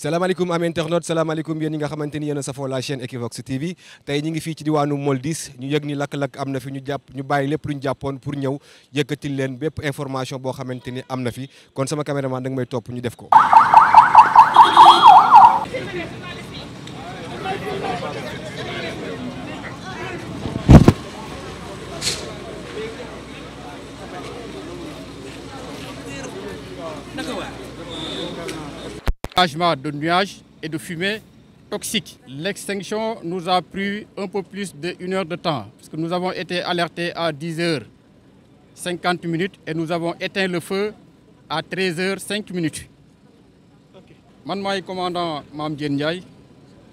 salaamaaleykum am internaute salaamaaleykum yéen ñi nga xamante ni yéen a safoo la chaîne Equivox TV tey ñi ngi fii ci diwaanu Moldis ñu yëg ni lakk-lakk am na fi ñu jàpp ñu bàyyi lépp lu ñu jàppoon pour ñëw yëkkatil leen bépp information boo xamante ni am na fi kon sama caméraman da nga may topp ñu def ko de nuages et de fumée toxique. L'extinction nous a pris un peu plus d'une heure de temps, parce que nous avons été alertés à dix h cinquante minutes et nous avons éteint le feu à 13 h cinq minutes. man maay commandant mam Diène Ndiaye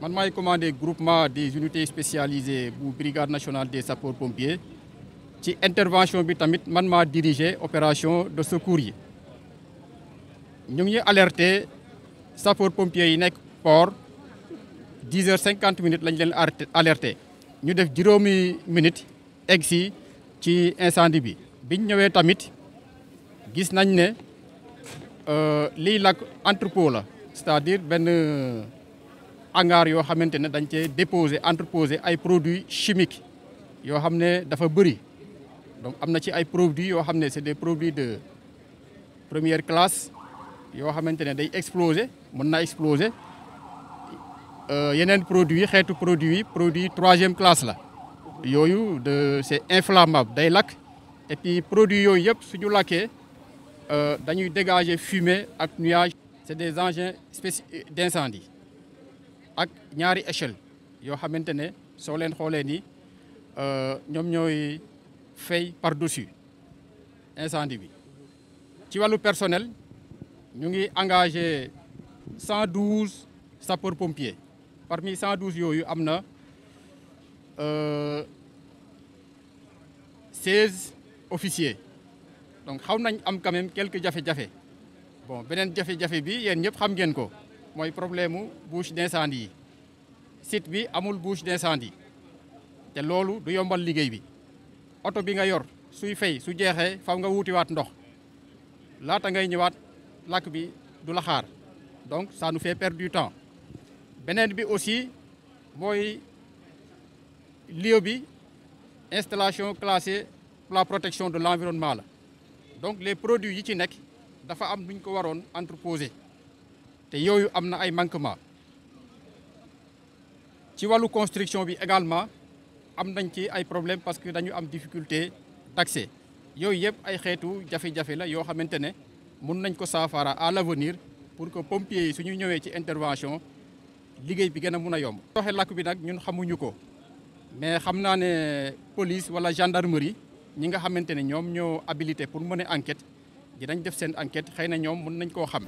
man maay commandé groupement des unités spécialisées bu brigade nationale des sapeurs-pompiers ci intervention bi tamit man maa diriger opération de secours yi ñu alerté sapeur pompier yi nekk port 10 heures 50 minutes lañ leen alerte ñu def juróomi minutes egg si ci incendie bi biñ ñëwee tamit gis nañ ne euh, lii lakk entrepôt la c'est-à-dire benn hangar yoo xamante ne dañ cee déposé entreposer ay produits chimiques yoo xam ne dafa bëri donc am na ci ay produits yoo xam ne c'est des produits de première classe yoo xamante ne day exploser mën naa exploser euh, yeneen produit yi xeetu produit yi produit troisième classe la yooyu de c'est inflammable day lakk et puis produit yooyu yëpp suñu lakkee euh, dañuy dégager fumée ak nuage c'est des engins spéci d'incendie ak ñaari échelle yoo xamante ne soo leen xoolee ni euh, ñoom ñooy fay par incendie bi ci wàllu personnel ñu ngi engagé cent 112 sapeurs pompiers parmi 112 yooyu am na 16 euh, officiers donc xaw nañ am quand quelque jafe-jafe bon beneen jafe-jafe bi yéen ñëpp xam ngeen ko mooy problème mu bouche d'incendie yi site bi amul bouche d'incendie te loolu du yombal liggéey bi oto bi nga yor suy fay su jeexee faw nga wuutiwaat ndox laata ngay ñëwaat. làkk bi du la xaar donc ça nous fait perdre du temps beneen bi aussi mooy lio bi installation classée la protection de l'environnement la donc les produits yi ci nekk dafa am nuñ ko waroon entreposé te yooyu am na ay manquement ci wàllu construction bi également am nañ ci ay problème parce que dañu am difficulté d'accès yooyu yëpp ay xeetu jafe-jafe la yoo xamante ne mun nañ ko saafara à l'avenir pour que pompiers su ñu ñëwee ci intervention liggéey bi gën a mun a yomb. doxe lakk bi nag ñun xamuñu ko mais xam naa ne police wala gendarmerie ñi nga xamante ne ñoom ñoo habilité pour mën a enquête dinañ def seen enquête xëy na ñoom mun nañ koo xam.